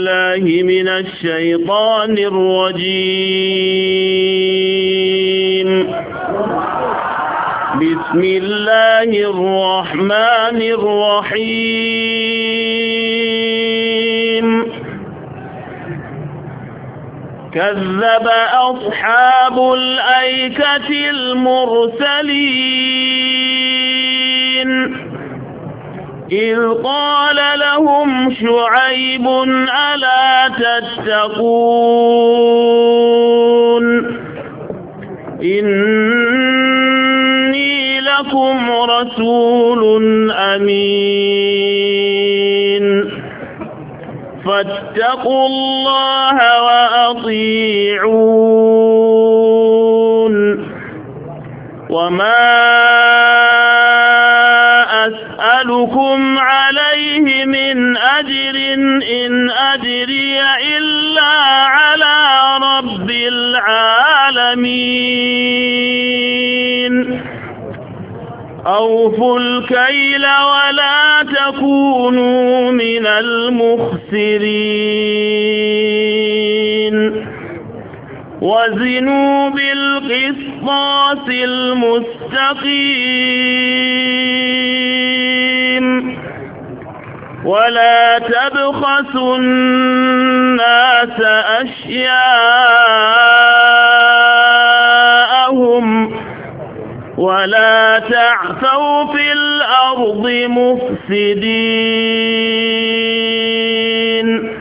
بالله من الشيطان الرجيم بسم الله الرحمن الرحيم كذب أصحاب الأيكة المرسلين إذ قال لهم شعيب ألا تتقون إني لكم رسول أمين فاتقوا الله وأطيعون وما أسألكم عليه من أجر إن أجري إلا على رب العالمين أوفوا الكيل ولا تكونوا من المخسرين وزنوا بالقسطاس المستقيم ولا تبخسوا الناس أشياءهم ولا تعثوا في الأرض مفسدين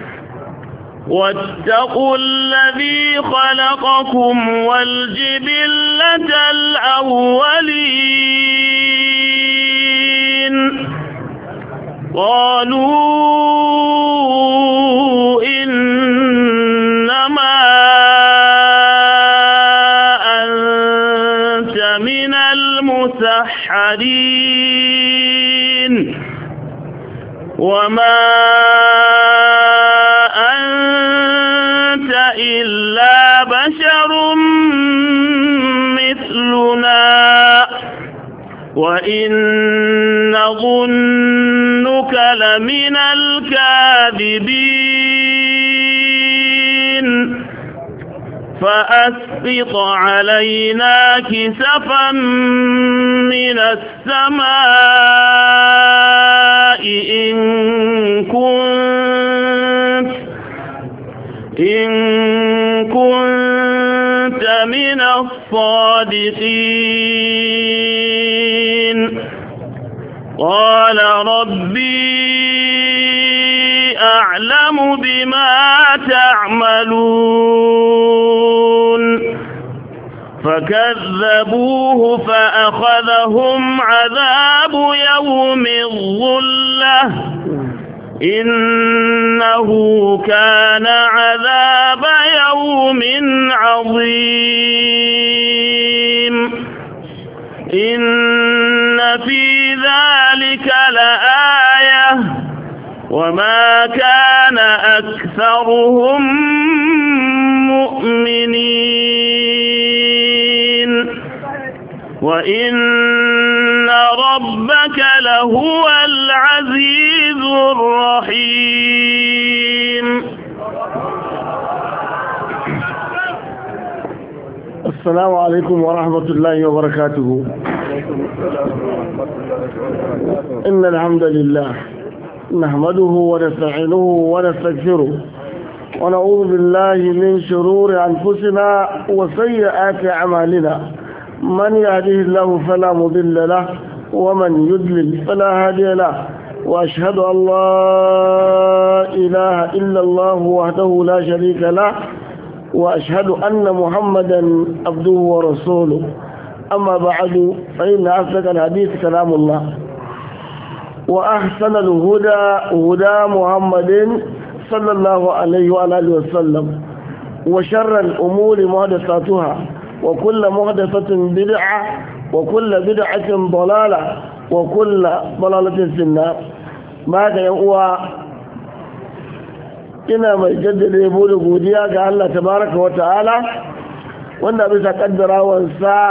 واتقوا الذي خلقكم والجبلة الأولين قالوا إنما أنت من المسحرين وما أنت إلا بشر مثلنا وإن نظن لمن الكاذبين فأسقط علينا كسفا من السماء إن كنت إن كنت من الصادقين أعلم بما تعملون فكذبوه فأخذهم عذاب يوم الظلة إنه كان عذاب وإن ربك لهو العزيز الرحيم السلام عليكم ورحمة الله وبركاته إن الحمد لله نحمده ونستعينه ونستغفره ونعوذ بالله من شرور أنفسنا وسيئات أعمالنا من يهده الله فلا مضل له ومن يدلل فلا هادي له وأشهد أن لا إله إلا الله وحده لا شريك له وأشهد أن محمدا عبده ورسوله أما بعد فإن أصدق الحديث كلام الله وأحسن الهدى هدى محمد صلى الله عليه وعلى آله وسلم وشر الأمور محدثاتها وكل محدثة بدعة وكل بدعة ضلالة وكل ضلالة في النار ما يقوى ina mai jaddada ya da godiya ga Allah tabaraka wa ta'ala wanda bisa sa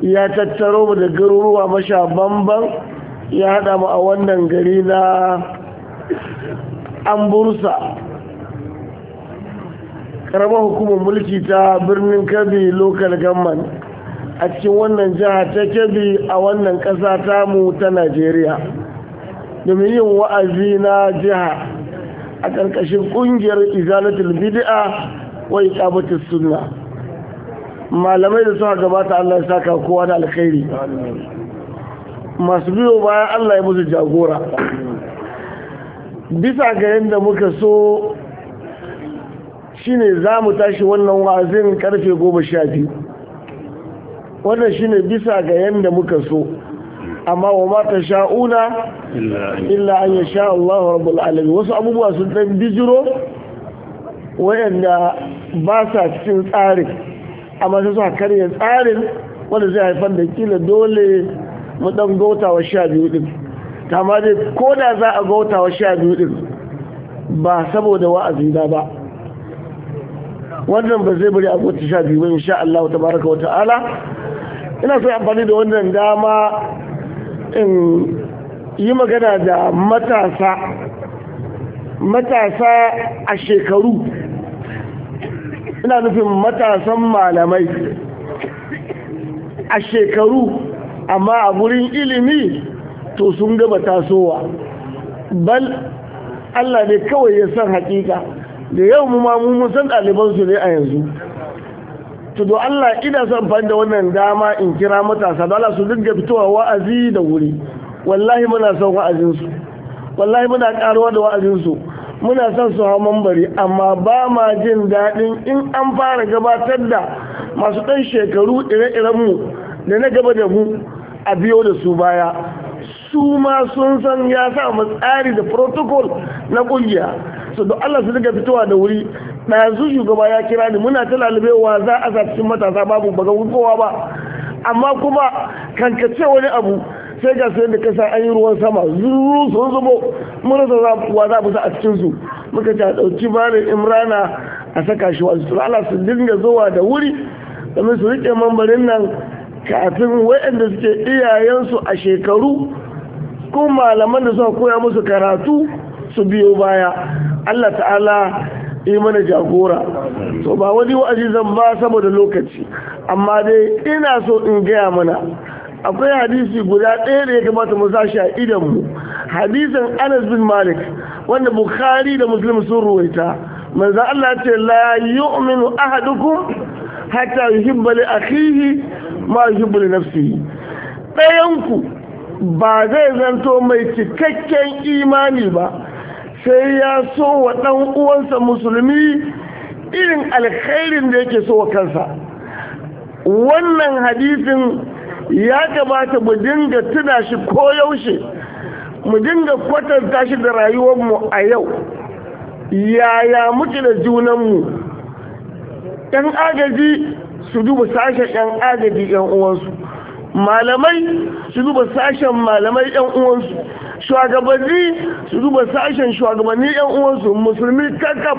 ya tattaro mu da garuruwa masha bamban ya haɗa mu a wannan gari na an bursa karamar hukumar mulki ta birnin kebbi local government a cikin wannan jiha ta kebbi a wannan ƙasa tamu ta najeriya domin yin wa'azi na jiha a ƙarƙashin ƙungiyar izalatul bid'a wa iqamatus sunna malamai da suka gabata Allah ya saka kowa da alkhairi masu biyo bayan Allah ya musu jagora bisa ga yadda muka so shine za mu tashi wannan wa'azin karfe goma sha biyu wannan shine bisa ga yadda muka so amma wa mata sha'una illa an ya sha Allah rabbul alamin wasu abubuwa sun dan bijiro wayanda ba sa cikin tsarin amma sai suka karya tsarin wanda zai haifar da kila dole mu dan gauta wa sha biyu din kama dai ko da za a gauta wa sha biyu din ba saboda wa'azi da ba wannan ba zai bari abu ta sha biyu ba insha Allah tabaraka wa ta'ala ina so amfani da wannan dama in yi magana da matasa matasa a shekaru ina nufin matasan malamai a shekaru amma a gurin ilimi to sun gaba tasowa bal Allah ne kawai ya san hakika da yau mu ma mun san ɗaliban su ne a yanzu to do Allah ina son amfani da wannan dama in kira matasa da Allah su dinga fitowa wa'azi da wuri wallahi muna son wa'azin su wallahi muna karuwa da wa'azin su muna son su hawa mambari amma ba ma jin daɗin in an fara gabatar da masu ɗan shekaru ire-iren mu da na gaba da mu a biyo da su baya su ma sun san ya sa tsari da protocol na ƙungiya so don Allah su daga fitowa da wuri ɗazu shugaba ya kira ni muna ta lalubewa za a sa matasa babu ba ga kowa ba amma kuma kankace wani abu sai ga sai da kasa an yi ruwan sama zuru sun zubo mun rasa wa za mu sa a cikin su muka ta dauki bare imrana a saka shi wa su Allah su dinga zuwa da wuri domin su rike mambarin nan kafin waɗanda suke iyayensu a shekaru ko malaman da suka koya musu karatu su biyo baya Allah ta'ala yi mana jagora to ba wani wa'azi zan ba saboda lokaci amma dai ina so in gaya mana akwai hadisi guda ɗaya da ya kamata mu sashi a idanmu hadisin Anas bin Malik wanda Bukhari da Muslim sun ruwaita manzo Allah ce la yu'minu ahadukum hatta yuhibba li akhihi ma yuhibbu li nafsihi ɗayanku ba zai zanto mai cikakken imani ba sai ya so wa ɗan uwansa musulmi irin alkhairin da yake so wa kansa wannan hadisin ya kamata mu dinga tuna shi koyaushe mu dinga kwatanta shi da mu a yau yaya muke da junanmu yan agaji su duba sashen yan agaji yan uwansu malamai su duba sashen malamai yan uwansu shugabanni su duba sashen shugabanni yan uwansu musulmi kakaf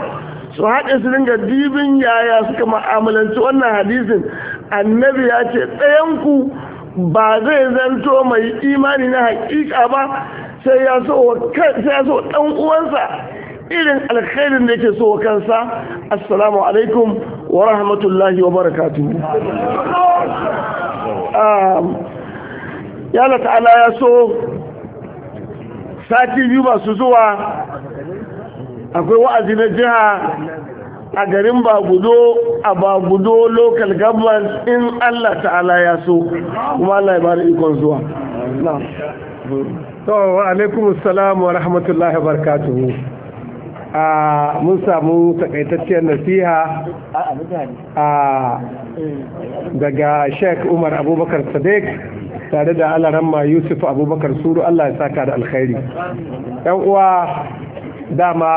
su haɗe su dinga dibin yaya suka ma'amalanci wannan hadisin annabi ya ce ɗayanku ba zai zanto mai imani na haƙiƙa ba sai ya so ɗan uwansa irin alkhairin da yake so wa kansa assalamu alaikum wa rahmatullahi wa barakatuhu ya ta'ala ya so sati biyu masu zuwa akwai wa'azi na jiha a garin bagudo a bagudo local government in allah ta'ala ya so kuma allah ya da ikon zuwa na wa alaikun assalam wa rahmatullahi wa a mun samu takaitacciyar nasiha a daga shek umar abubakar sadiq tare da alaramma yusuf abubakar suru allah ya saka da alkhairi yan uwa dama